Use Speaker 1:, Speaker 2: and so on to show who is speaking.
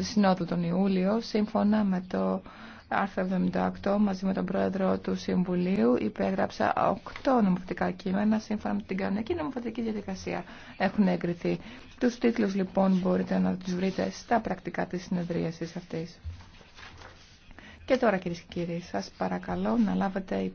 Speaker 1: της Συνόδου τον Ιούλιο, σύμφωνα με το άρθρο 78 μαζί με τον πρόεδρο του Συμβουλίου υπέγραψα οκτώ νομοθετικά κείμενα σύμφωνα με την κανονική νομοθετική διαδικασία έχουν εγκριθεί. Τους τίτλους λοιπόν μπορείτε να τους βρείτε στα πρακτικά της συνεδρίασης αυτής. Και τώρα κυρίες και κύριοι σας παρακαλώ
Speaker 2: να λάβετε